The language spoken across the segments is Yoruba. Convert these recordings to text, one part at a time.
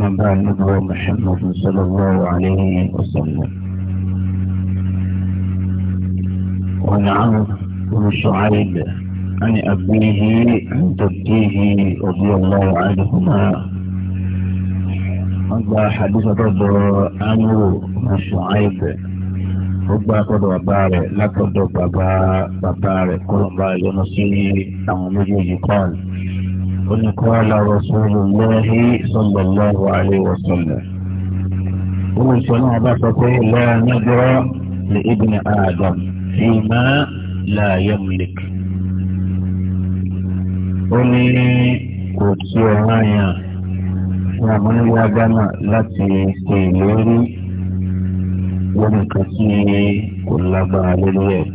وما بعد محمد صلى الله عليه وسلم وعن عمرو بن شعيب عن أبيه عن تبتيه رضي الله عنهما أبا حديث ضد عمرو بن شعيب ọgbà tọ̀dọ̀ bàbá rẹ̀ látọ̀dọ̀ بابا bàbá rẹ̀ kọlọmbà yọnu sí àwọn méjèèjì oníkọ́lá rasulullah sallallahu alaihi wasallam. olùsọ náà bá sọ pé la nadra li ibni adam fima la yamlik. ó ní kò tí ọ̀ràn yàn fún àmọ́níwá gánà láti ṣe ìlérí lórí kan tí kò lágbára lórí ẹ̀.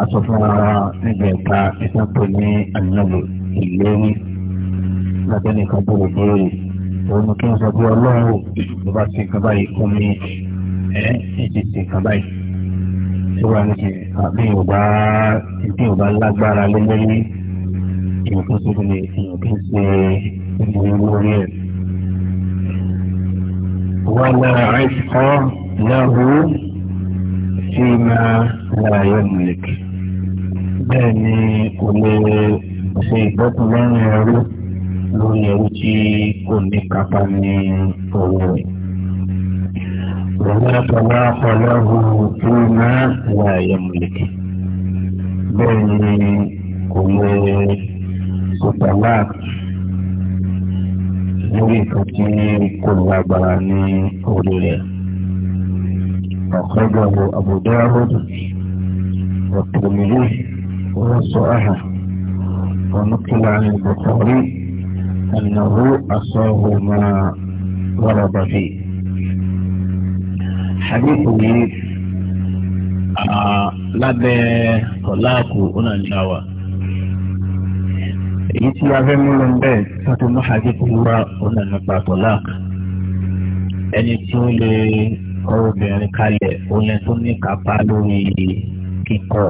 a sọ fún wa nígbà ìta ìtàn pé ní ànábì méjì lórí lábẹ́ nìkan bó lè béèrè òun kí n sọ pé ọlọ́run ló bá ti kan báyìí fún mi ẹ ẹ ti ti kan báyìí tó wà ní àbí ìwà ìdí ìwà lágbára lélẹ́yìn èèyàn tó tó lè èèyàn kí n ṣe ìwé lórí ẹ̀. wọ́n lọ àìsàn lọ́hùn sí máa lára yọ̀ mọ̀lẹ́kì bẹ́ẹ̀ ni kò lè ṣe ìgbọ́kù lẹ́yìn ẹrú lórí ẹrú tí kò ní kápá ní owó rẹ̀. Wọ́n tọ́lá pọ̀lọ́hù tó máa wà ẹ̀yẹ̀mùlẹ̀kì. Bẹ́ẹ̀ ni kò lè sọ̀tàlá lórí nǹkan tí kò lágbára ní orí rẹ̀. أخرجه أبو داود والترمذي وصححه ونقل عن البخاري أنه أصاب ما ورد فيه حديث لي lábẹ́ kọ̀láàkù onáńdáwà èyí tí a fẹ́ mú lọ bẹ́ẹ̀ sọ́tò mọ́hàjì tó wá onáńdáwà kọ̀láàkù ẹni tí ó lè kọ̀ obìnrin kalẹ̀ oní tó ní kápá lórí kíkọ̀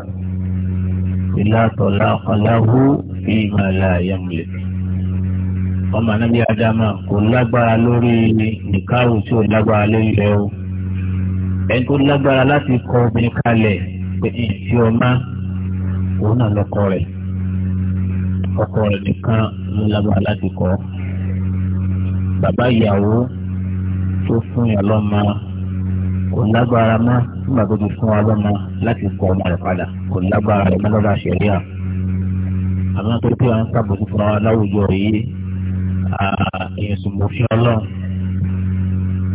ìlà kọ̀láàkù fíìmà láàyàmùlẹ̀ ọmọ anábì adama kò lágbára lórí nìkáwù tí ò lágbára lórí rẹ o ẹni tó lágbára láti kọ obìnrin kalẹ̀ pé ìfi ọmọ òun náà lọkọ ọkọ nìkan ló lágbára láti kọ bàbá ìyàwó tó fún yàn lọ́mọ kò lágbára fún wa láti kọ ọmọ kò lágbára àmọ́ pé pé à ń sàbòkú fún wa láwùjọ yìí èèyàn sùn mọ́ fi ọlọ́run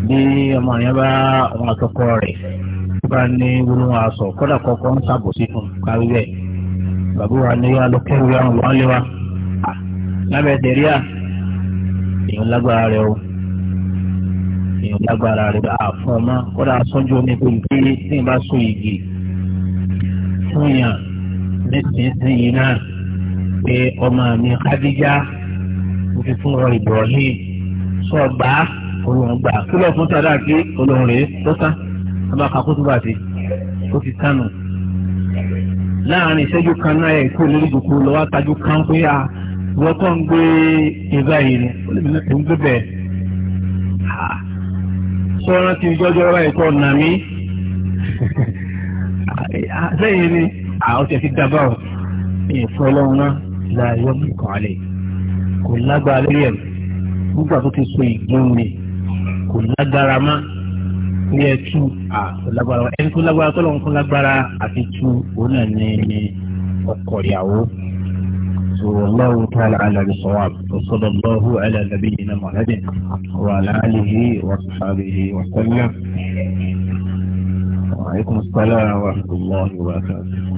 bí ọmọ yẹn bá ọmọ àtọkọ rẹ̀ bá ní wúlò wọn aṣọ kódà kọ́kọ́ ń sàbòsí fún kárí bẹ́ẹ̀ bàbá wa ní wa lókèrè wa wọn lé wa lábẹ́ tẹ̀rí à èèyàn lágbára rẹ̀ o èèyàn lágbára rẹ̀ bá fún ọmọ kódà sọ́jú omi pé ìgbé tí ìbá so igi fún yàn nísinsìnyí náà pé ọmọ mi Khadija mo fi fún ọ Ibrahim sọ gbà á olóhùn gbà á kí lóò fún sàdá àti olóhùn rèé tó tán ọba kakótó bá ti ó ti tánu láàrin ìṣẹ́jú kan náà ẹ̀ kó lórí ìdòkó lọ́wọ́ tajú kan pé a wọ́n tó ń gbé ìgbà yìí ni ó lè mi tó ń gbé bẹ́ẹ̀ sọ́ran ti jọ́jọ́ ọba ẹ̀kọ́ nà mí sẹ́yìn ni àwọn ti ti dábàá ẹ̀ fọ́ ọlọ́run náà la yọmí kan alẹ́ kò lágbára lórí ẹ̀ nígbà tó ti so ìgbóhùn mi kò lágbára má ní ẹ tú à kò lágbára ẹni tó lágbára tó lọ́wọ́ fún lágbára àti tú òun náà ní ọkọ ìyàwó. والله تعالى على الصواب وصلى الله على نبينا محمد وعلى اله وصحبه وسلم وعليكم السلام ورحمه الله وبركاته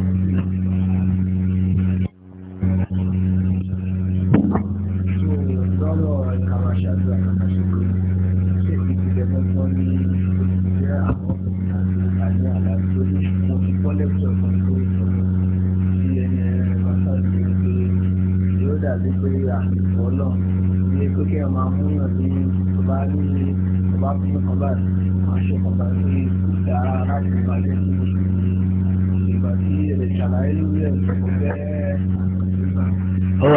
هو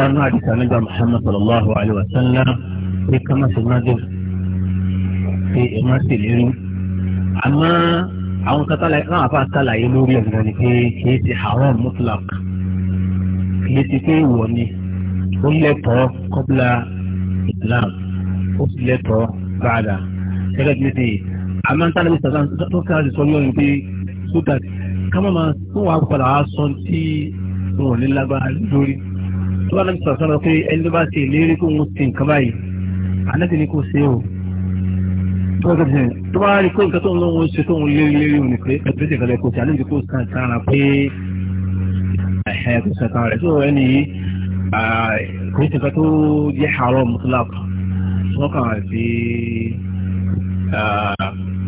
أن أعجب محمد صلى الله عليه وسلم في كما في النادر في إماسي العلم أما عن قتل إقناع فأتلع يلوري أنه في كيسي حرام مطلق كيسي في ونيه ó lẹ́tọ̀ọ́ kọ́bílà islam ó sì lẹ́tọ̀ọ́ báadà gẹ́gẹ́ bí ṣe àmọ́ ń tánà bí sàtàn tó kí a sì sọ yọ ní pé sódà kámọ́ máa tún wàá padà wá sọ tí wọn ò ní lágbára lórí tó bá nàbí sàtàn lọ pé ẹni tó bá ṣe ìlérí kó ń sin nǹkan báyìí àlẹ́ ni kò ṣe o tó bá rí pé nǹkan tó ń lọ́wọ́ ṣe tó ń lérí lérí òní pé ẹgbẹ́ ìṣèkọlẹ̀ kò ṣe àlejò kò sàn kára pé ẹ̀ẹ́ kò sàn kára rẹ̀ tó ẹni yìí kò sí nǹkan tó jẹ́ haram mutlaq wọ́n kàn sí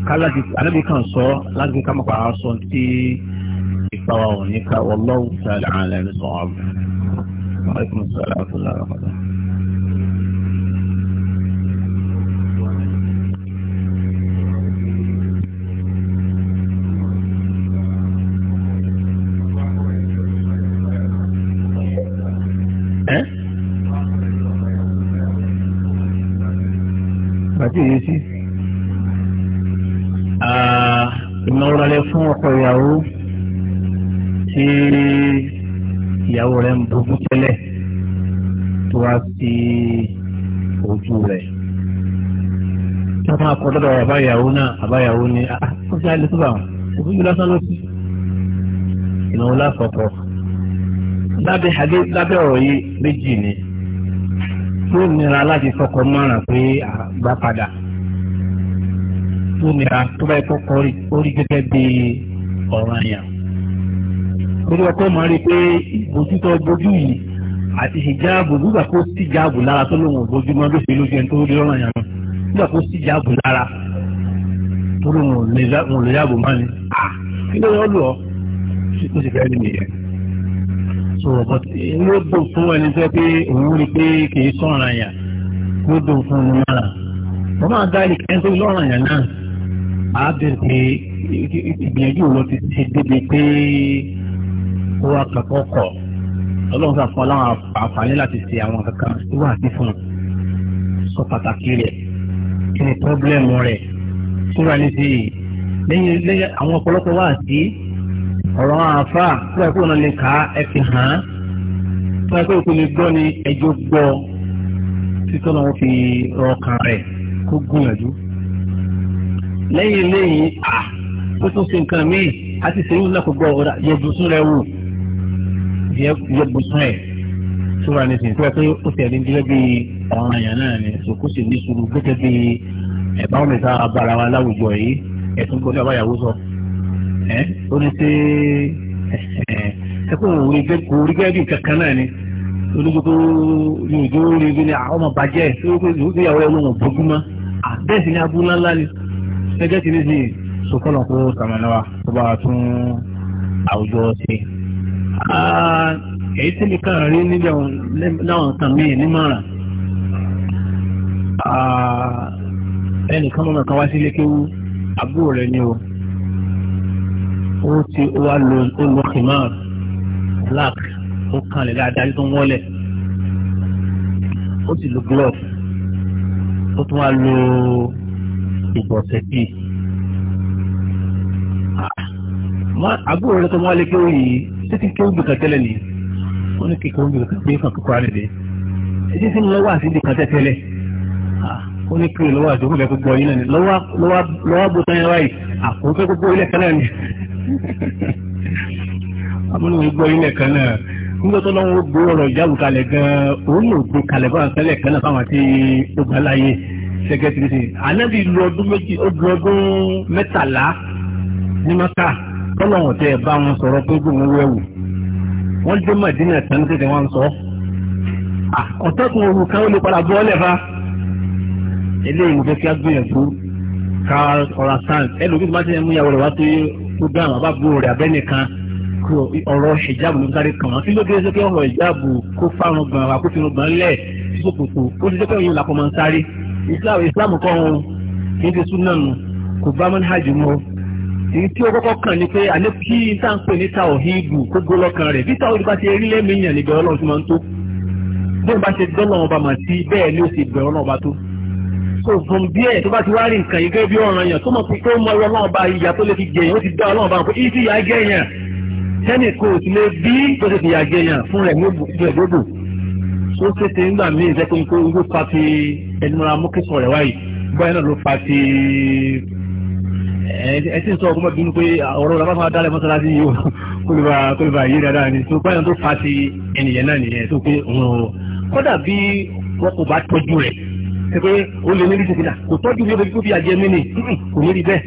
kálábì alábì kan sọ láti ká mọ̀ pàrọ̀ sọ tí ìpawà òní ká wallahu ta'ala a'lam sọ̀rọ̀. ṣàkíyèsí. ìmọ̀rànlẹ̀ fún ọkọ ìyàwó tí ìyàwó rẹ̀ ń bójú tẹ́lẹ̀ tó wá sí ojú rẹ̀. Ah, tó máa kọ́ dọ́dọ̀ àbáyàwó náà àbáyàwó ni ó ṣe àlè síbà òfújú lásán ló sí. ìnáwó lásọ̀kọ̀ lábẹ́ ọ̀rọ̀ yìí méjì ni tí ó nira láti fọkàn mọ́ràn pé àgbà padà tó nira tó bá yẹ kó kọrí gẹ́gẹ́ bí ọ̀ràn yẹn. torí ọkọ máa rí i pé bójútó bójú yìí àti ìjáàbù nígbà kó sí ìjáàbù lára tó lóun òbójúmọ́ ló fi lójú ẹni tó rí ọ̀ràn yẹn nígbà kó sí ìjáàbù lára tó lóun ò lè yàgò máa ní. kí ló yọ lù ọ́ sí kó sì fẹ́ nìyẹn so but ló dùn fún ẹni tẹ́ pé òun rí pé kì í sọ̀rọ̀ àyà ló dùn fún un náà wọ́n máa dá ilé kẹ́ńtì lọ́rọ̀ àyà náà á bẹ̀rẹ̀ pé ìgbìyànjú lọ ti ti débi pé ó wá kankan kọ̀ ọlọ́run sà fún aláwọn àǹfààní láti ṣe àwọn kankan tó wà sí fún un sọ pàtàkì rẹ̀ kí ni pọ́blẹ́mù rẹ̀ tó wà ní sí i lẹ́yìn àwọn ọ̀pọ̀lọpọ̀ wà sí ọ̀rọ̀ àfa fún ẹ̀kọ́ náà lè kà á ẹ fi hàn án fún ẹ̀kọ́ ìkó lè gbọ́ ni ẹjọ́ gbọ́ títọ́ náà wọ́n fi rọkàn rẹ̀ kó gbìyànjú. lẹ́yìn lẹ́yìn à tó tún ṣe nǹkan míì á ti ṣe ìwúlẹ̀ kó gbọ́ ọ̀dà yẹ bùsùn rẹ̀ wò yẹ bùsùn ẹ̀ sóra ní sìn tó yẹ pé ó tẹ̀lé gẹ́gẹ́ bí ọ̀ràn àyàn náà ni sòkó sì ní sùúrù gẹ́gẹ́ bí ẹ̀bá òmìnira abara wa láwùjọ yìí ẹ̀tún gbọ́dọ̀ àbáyàwó sọ ẹ́ eh, ó ní pé eh, eh, ẹ̀kọ́ òwúrí kò rí gẹ́gẹ́ bí kankan náà ni olùgbogbo ní ìjọ orí ibi ni àwọn ọmọ bàjẹ́ ìyàwó ẹ̀ lóhùn bójú mọ́ àbẹ́ẹ̀ ah, sì ni abúlé ńlá ni ẹgẹ́ ti ní sí sọkọ́nà kó sàmìnáwá tó bá tún àwùjọ ṣe. Ah, èyí tí mi kàn rí níbẹ̀ láwọn nǹkan míì nímọ̀ràn ah, ẹnìkan mọ̀mọ́ kan wá sílé kéwú àbúrò rẹ̀ ni o ó ti wá lo olùkọ́ khimar black ó kanlẹ̀ dáadáa tó ń wọlé ó sì lo glove ó tún wá lo ìbọ̀sẹ̀ bíi ah, àbúrò rẹ̀ tó wọ́n lé kéwì yìí títí kéwì bìkan tẹ́lẹ̀ ni wọ́n ní kéwì bìkan pé kàn kíkọ́ rẹ̀ dé títí sí lọ́wọ́ àti bìkan tẹ́tẹ́lẹ̀ ah, ó ní kéwì lọ́wọ́ àti òkúta gbogbo yìí náà ni lọ́wọ́ bó tán yẹn wáyé àkókò ah, gbogbo ilẹ̀ kan náà ni àmúlò gbogbo ilẹ̀ kan náà nígbà tó lọ́wọ́ gbé ọ̀rọ̀ ìjáwó kalẹ̀ gan-an òun ló gbé kalẹ̀ bá àtẹ́lẹ̀ kan náà fáwọn àti ogun aláyé sẹ́kẹ́tìrìsì ànábì lu ọdún méjì ó du ọdún mẹ́tàlá ní maka tọ́lọ́wọ̀n tẹ́ ẹ bá wọn sọ̀rọ̀ pé gbòòrò wẹ̀wù wọ́n dé màdínà tán tètè wọn sọ ọ̀tọ́kùn òru kan ó lè padà bọ́ ọ́lẹ̀ fa eléyìí mo fẹ́ kí á gbìyànjú ká ọ̀rà sáǹtì ẹlòmíì program àbábò rẹ̀ abẹ́nìkan ọ̀rọ̀ hijab ló ń sáré kàn án kí ló dé ṣe pé ọ̀rọ̀ hijab kó fárun gan wa kó fi run gan lẹ̀ ṣòkòtò ó ti dẹ́pẹ́ òun làkọ́ máa ń sáré islam islam kọ́ wọn kì í ti súnà nù kò bá manhaj mọ́ èyí tí ó kọ́kọ́ kàn ni pé àlẹ́ kí n tá à ń pè ní tàwọ̀hídù kó gbó lọ́kàn rẹ̀ bí tàwọ̀hídù bá ti rí lẹ́mìí yàn níbẹ̀ ọlọ́run ti máa ń tó bóun bá ṣe dọ́lọ́run ọba mà sí bẹ́ẹ̀ ni ó sì bẹ̀rẹ̀ ọlọ́run ọba tó so from there tó bá ti wá rí nǹkan yìí gẹ́gẹ́ bí ọ̀ràn yẹn tó mọ̀ pé kó mọ ọlọ́run ọba ìyá tó lè fi jẹ yẹn ó ti dá ọlọ́run ọba pé ìdí ìyá jẹ yẹn tẹ́nì kò sì lè bí tó ti fìyà jẹ yẹn fún rẹ̀ gbogbo ó tètè ńgbà míì jẹ́ pé n kó irú pa ti ẹnumọ́ra mọ́kẹ́sọ̀ rẹ̀ wáyìí báyìí náà ló fa ti ẹ ti ń sọ ọkọ mọ́bìnrin pé ọ̀rọ̀ rẹ̀ bá máa dálẹ̀ mọ́sálásí yìí o kó lè bá kó lè bá yé dáadáa ni tó báyìí náà ló fa ti ẹnìyẹn náà nìyẹn tó pé òun o kódà bí wọn kò bá tọ́jú rẹ̀ ṣe pé ó lè níbi jìbìlà kò tọ́jú mi lójú bí àjẹmí ni kò ní rí bẹ́ẹ̀.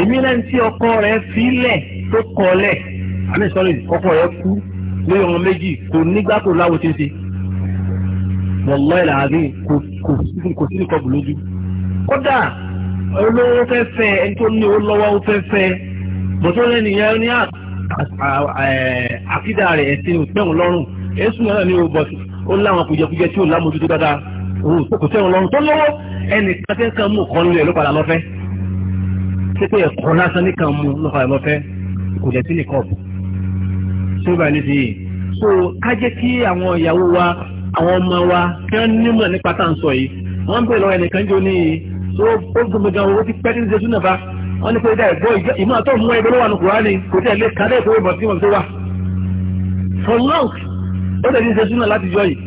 èmi náà ń tí ọkọ rẹ sílẹ̀ tó kọlẹ̀ àmì sọ́rí ọkọ rẹ kú lórí ọmọ méjì kò nígbà tó láwo ṣe ṣe. wọ́lọ́ ìlà àbí kò sí nìkan bù lójú. kódà olówó fẹ́ fẹ́ ẹni tó ní owó lọ́wọ́ ó fẹ́ fẹ́ bọ́tọ́ lẹ́nu ìyá ní àkídà rẹ̀ ẹ̀sìn ìpẹ́wọ̀n lọ́rùn èsùn náà ni ó bọ̀ ó láwọn kùjẹkùjẹ tí ó lámójútó dáadáa òun kò sẹ́wọ̀n lọ́run tó lọ́wọ́ ẹnì kan fẹ́ kàn mú ọ̀kan lé lọ́padà lọ́fẹ́ ṣé pé ẹ̀kọ́ lásán ní kàn mú lọ́padà lọ́fẹ́ kò dẹ̀ sí ní kọ́ọ̀bù tó bá ní sèyí so ká jẹ́ kí àwọn ìyàwó wa àwọn ọmọ wa kí wọ́n nímọ̀ nípa tá à ń sọ yìí wọ́n bẹ̀rẹ̀ lọ́wọ́ ẹnìkan jọ ní ó gbọmọ gan owó tí pẹ́ tí ń ṣe súnà bá wọ́n ní pé dá ẹ̀gbọ́ ìmọ̀ àtọ́ mú ẹgbẹ́ lọ́wọ́ àlùkò rání kò tẹ̀ lé kálẹ̀ ìfowópamọ́ tí wọ́n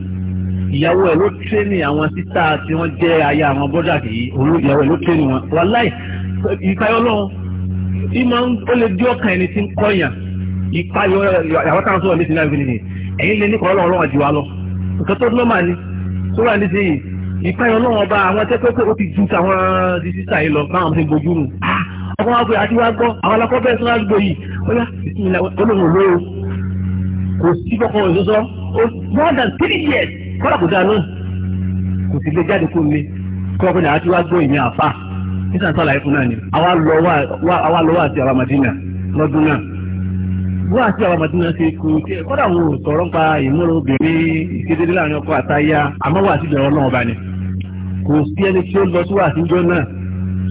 ìyàwó ẹ̀ ló tréní àwọn títà tí wọ́n jẹ́ aya àwọn bọ́dà yìí olóyàwó ẹ̀ ló tréní wọn wàláì ìpayọ lọ́wọ́ ìmọ̀ ó lè dí ọkàn ẹni tí ń kọ́yàn ìpayọ àwọn táwọn sọ̀rọ̀ nítorí láìpẹ́ nìyí ẹ̀yìn lè ní kọ́ ọlọ́run ọlọ́run àjùwà lọ nǹkan tó nọ́mà ni sóra ní sèyí ìpayọ lọ́wọ́ ọba àwọn tẹ́pẹ́pẹ́ ó ti ju tàwọn di sísà yìí lọ báwọn ti gbojú nù ah, ọkọ wa pé àti wá gbọ́ àwọn alákọ́ bẹ́ẹ̀ sọ́ra gbò yìí kọ́lá kò dáa kò sì jáde kó mi kọ́ pé náà àti wá gbọ́ ìyẹn àfa nígbà tó àlàyé fún náà lọ wá àti àwa Madina lọ́dún náà wọ́n àti àwa Madina ṣe kú kọ́dà wọn ò sọ̀rọ̀ nípa ìmúlò obìnrin ìṣedédé láàrin ọkọ àmọ́ àti ọba ni lọ sí àti ìjọ náà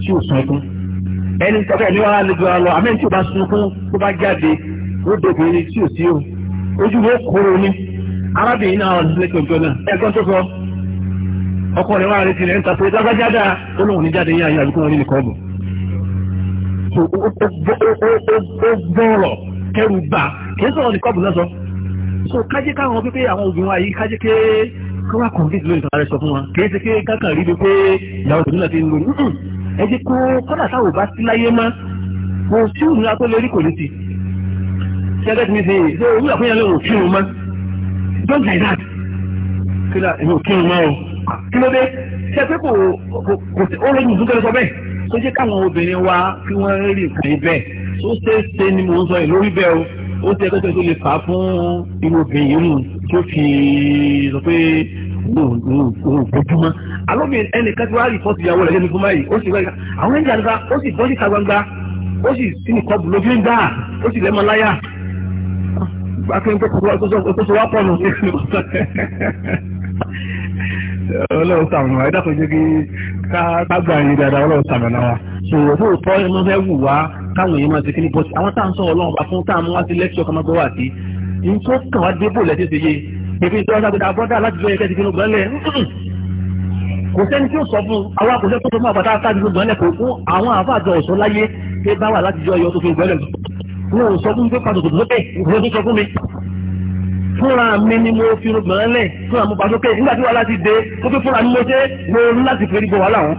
tí ò sọ fún ẹni lọ àmẹ́ni tí ò bá sunkún tó bá jáde ó tí arábìnrin náà ọ̀dún sílé kòjọ náà ẹ̀kọ́ tó sọ ọkọ rẹ̀ wá rí tirẹ̀ ń ta pé lágbájáda ó ní jáde yín àyàlùkú wọn nínú kọ́ọ̀bù. ó gbọ́rọ̀ kẹrù gbà sọ̀rọ̀ náà sọ. so kájé káwọn pípé àwọn obìnrin wa yìí kájé ké kí wọ́n á rẹ̀ sọ fún wa ṣe rí pé ìyàwó ti ń lò ní. ẹ just like that kí ló inú kí n náà ah, kí ló dé ṣe pé kò kò ó lóyún fún kẹlẹ́sọ bẹ́ẹ̀ tó jẹ́ káwọn obìnrin wa kí wọ́n rí nǹkan yìí bẹ́ẹ̀ ó ṣe é ṣe ni mò ń sọ yìí lórí bẹ́ẹ̀ o ó ṣe ẹgbẹ́ tó lè fà á fún irú obìnrin yìí nù tó fi sọ pé òun gbójúmọ́ alóbìnrin ẹnìkan tí wàá rí fọ́ọ̀tì ìyàwó rẹ̀ lẹ́nu fún báyìí ó sì wáyà àwọn ẹ̀jẹ̀ àgbà ó sì bọ́ síta gbangba ó sì sínú kọ́ọ̀bù lójú ń gbà kí n tó tó wá pọ̀nù sí ìlú ọlọ́run sàmì wa ẹ̀dá tó jẹ́ kí kágbà yín dáadáa ọlọ́run sàmì náà wa so òfin òtọ́ ẹnu fẹ́ wù wá káwọn èèyàn máa ṣe kí ni bọ́sì àwọn táà ń sọ ọlọ́run bá fún táà mú wá sí lẹ́kṣọ̀ kan máa gbọ́ wà sí ní tó kàn wá dé bò lẹ́sẹ̀ ṣe yé pèpè ìjọba ṣàgbéda abọ́dá láti lọ ẹ̀kẹ́ ti fi gbọ́n lẹ̀ kò sẹ́ni tí ó sọ fún àwọn àkọsẹ́ tó tó mú fún àwọn wọn ò sọ fún mi pé pàtó kòtò sókè ìfowópamọ́ tó sọ fún mi fúnra mi ni mo fi rògbòn lẹ̀ fúnra mo pàṣọ pé nígbà tí wàhálà ti dé ó fi fúnra mi mo ṣe mo ní láti fi gbọ́ wàhálà wọn.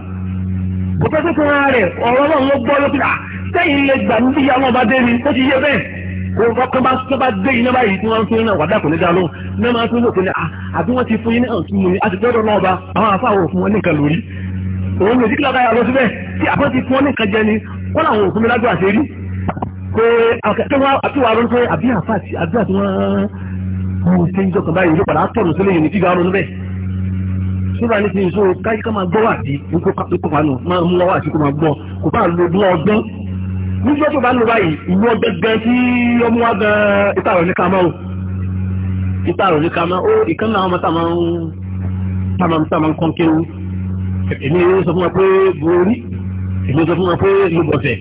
kò tẹ́ sí fúnra rẹ̀ ọ̀rọ̀ náà ló gbọ́ lókè sẹ́yìn lè gbà níbi ìyá wọn bá dé ni ó ti yé bẹ́ẹ̀ kò kọ́ kọ́ bá tó bá dé iná báyìí tí wọ́n ń fún iná wàdà kò ní dá lóhùn ní wọ́n máa tún wò pé ah, àbí wọ́n ti fún iná ọ̀tún mu ni a ti gbọ́dọ̀ náà ba àwọn àfáà wò fún wọn ní nǹkan lórí òun lè dí kílọ̀ káyà lọ síbẹ̀ tí àbọ̀ ti fún wọn ní jẹ ni wọ́n làwọn òfin mi lágbó àṣírí pé àtiwà ló ń pẹ́ àbí àfà àti àbí àti wọ́n mú ṣe ń jọkàn báyìí ló padà tọ̀nù sílẹ̀ yìí ní fíga ọ̀run bẹ́ẹ̀. sọ́dọ̀ ní ti ń so káyí ká máa gbọ́ wà sí ikú panu máa mú wá sí kó máa gbọ́ kó bá lo ní ọgbọ́n. nígbà tó bá ń lo báyìí ìlú ọgbẹ́ gan tí ọmú wa gan ìta rẹ̀ ní kama o ìta rẹ̀ ní kama o ìkan náà ọmọ táwọn táwọn kọ́ kéwu èmi sọ fún wa pé borí èmi sọ fún wa pé lóbọ̀sẹ̀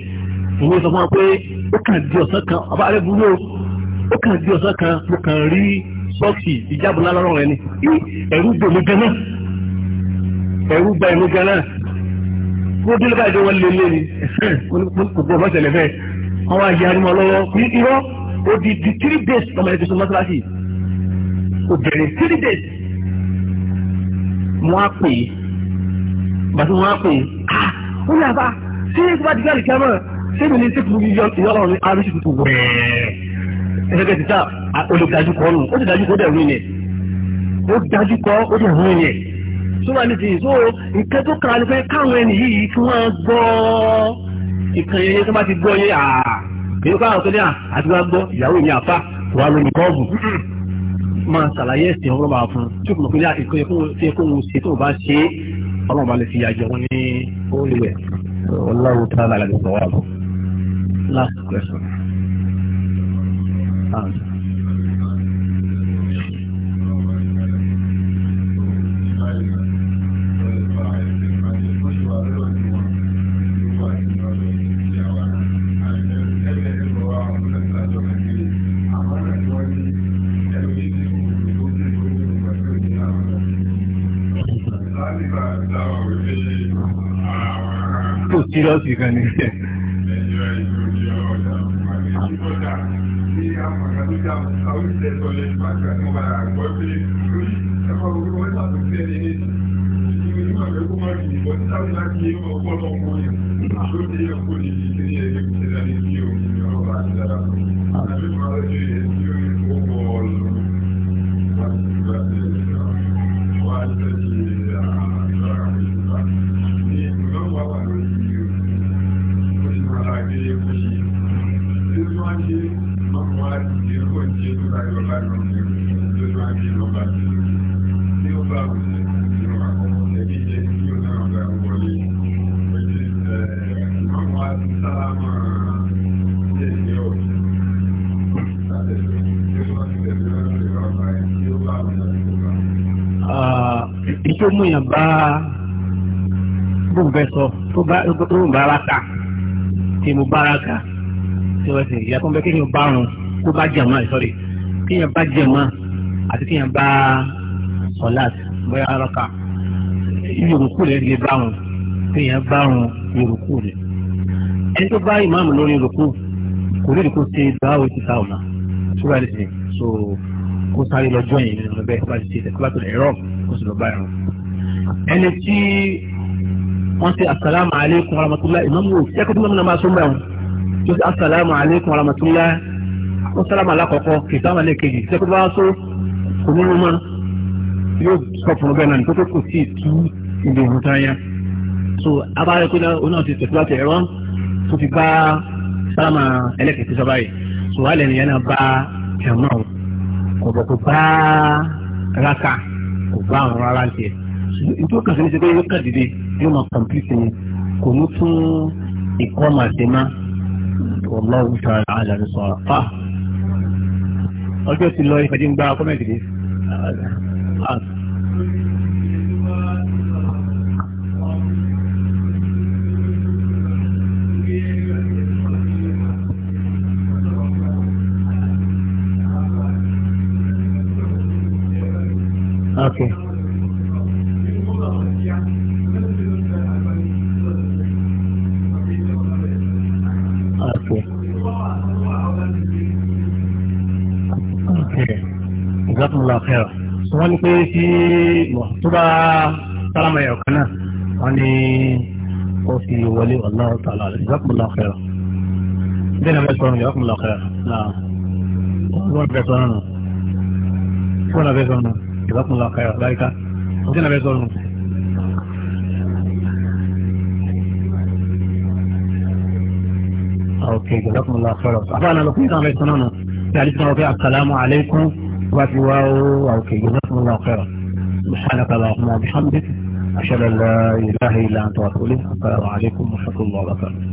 mùsùlùmí sọ fún wa pé ó kàn di ọ̀sán kan ọba rẹ̀ burú ó kàn di ọ̀sán kan mo kàn rí bọ́ọ̀sì ìjábù lálọ́rọ̀ rẹ̀ ni ẹ̀rú gbèmí gan-an ẹ̀rú gba ẹ̀mí gan-an wọ́n délé báyìí wọ́n lé lé ni kò gbọ́ ọ̀sẹ̀lẹ̀ fẹ́ àwọn àyè arúmọ̀ lọ́wọ́ ní irọ́ ó di di three days ọmọ ẹ̀ tuntun mọ́sálásì kò bẹ̀rẹ̀ three days wọ́n á pè é bàtí wọ́n á pè é ah, ó yà bá ṣé ìgbàdìgbà lè kí a mọ̀ sẹ́mi ní six million ìyọ́rọ̀ ní arísí tuntun wẹ́ẹ́ ẹ̀ẹ́dẹ́gbẹ́ ti sá olùdájú kọ́ nù ó ti dájú kọ́ dẹ̀ wí ni ó dájú kọ́ ó dẹ̀ wí ni sọ́wọ́n ní so nǹkan tó kàn án ni pé káwọn ìkànnì yẹn tó bá ti gbọ́ yé àà èyí káwọn tó ní à gbọ́ ìyàwó mi àfa wà lórí kọ́ọ̀bù máa ṣàlàyé ẹ̀sìn ọlọ́ba fún tí kò mọ̀ pé ní ìkànnì tí kò ń ṣe tó bá ṣe ọlọ́ba lè fi àjọ wọn ní ó lè wẹ̀ ọlọ́run tó last question. Um, serious you can padà sí àwọn àgbàdúgbà àwọn ìṣẹ̀lẹ̀ tó lè máa gbà ní ọ̀bára àgbọ̀ pé lórí ẹ̀fọ́ orúkọ mẹ́ta tó fẹ́ ní ní ìlú àgbẹ̀kọ́ máa rí ìbọn tí táwọn láti yé ọgbọ́n náà wọ́n yẹn lóde ẹ̀kọ́ ní ìdílé ẹ̀rẹ́ ìṣẹ̀lẹ̀ ní ti ọ̀rọ̀ àti dára àti máa rí ẹ̀sìn ọgbọ́ ọlọ́run láti gbà ṣe ọkọ̀ àdìgbò ṣe tó bá yọ bá lọ sí ló máa ṣe lọ bá sí ní ó bá wù sí nínú àkọ́kọ́ ẹbí jẹ́ kí ó náà bá wọlé pẹ̀lú ọmọ àdìsálámà jẹ́ ìyẹ́ òfin Ìṣó mú yàn bá bùnbẹ́ sọ tó bá rárá ta tí mo bá rárá ta lọ́wọ́sẹ̀ ìyàtọ̀ ń bẹ kéèyàn bá rùn kó bá jàmá sọ́rí kéèyàn bá jàmá àti kéèyàn bá sọ̀láàt bóyá arọ́kà yòókù rẹ̀ lè bá rùn kéèyàn bá rùn yòókù rẹ̀ ẹni tó bá ìmáàmù lórí yòókù kò lórí kó ṣe dáwọ́ ti ta ọ̀nà ṣúgbà lè ṣe so kó sáré lọ́jọ́ yẹn nínú ọ̀bẹ bá ti ṣe ìtẹ̀kọ́lá tó lè rọ̀ kó sì lọ bá ẹ̀rọ ẹni tí wọ́n ṣe assalamu alaikum warahmatullahi ìmáàmù òṣìṣẹ́ kó tó mọ̀ náà tó ti asalaamu aleykum wa wọ́n sálámù alákọ̀ọ́kọ́ kìtàmù alẹ́kejì sẹ́kọ̀ bá so kò nínú mọ́ yóò sọ fún ọgbẹ́ náà nítorí kò sí tú ìdè òkúta yẹn so abáyọ pé oná ti tẹ̀síwá tẹ̀ ẹ̀rọ tó fi bá sálámù ẹlẹ́kẹ̀kẹ́ sọ báyìí so alẹ́ nìyẹn náà bá ẹ̀mọ́ kò bọ̀ kò bá raka kò bá àwọn rárá tiẹ̀ nítorí kàṣẹ́ ní sẹ́kẹ́ yóò kà yóò máa kọ̀m̀pútì kò ní fún ìkọ́ màdé والله تعالى على بصراحة أجلت الله يخدين بقى ما يدري Okay. pé tí tó bá sálámà ẹ̀yọ̀ kan náà wọ́n ní ó fi wọlé Allahu ta'ala rẹ̀ ìjọkùnlá ọ̀fẹ́rọ̀ bẹ́ẹ̀ náà mẹ́sọ̀rọ̀ ìjọkùnlá ọ̀fẹ́rọ̀ náà wọ́n bẹ̀ sọ̀rọ̀ nù wọ́n náà bẹ̀ sọ̀rọ̀ nù ìjọkùnlá ọ̀fẹ́rọ̀ láyíká wọ́n náà bẹ̀ sọ̀rọ̀ nù. ok ìjọkùnlá ọ̀fẹ́rọ̀ àbáwọn alùpùpù náà bẹ̀ sọ̀rọ̀ nù bí alẹ́ sọ̀rọ̀ bí asalaamu alaykum. واتي واو او كي ينصم الله خيرا سبحانك اللهم وبحمدك اشهد ان لا اله الا انت واتقوله السلام عليكم ورحمه الله وبركاته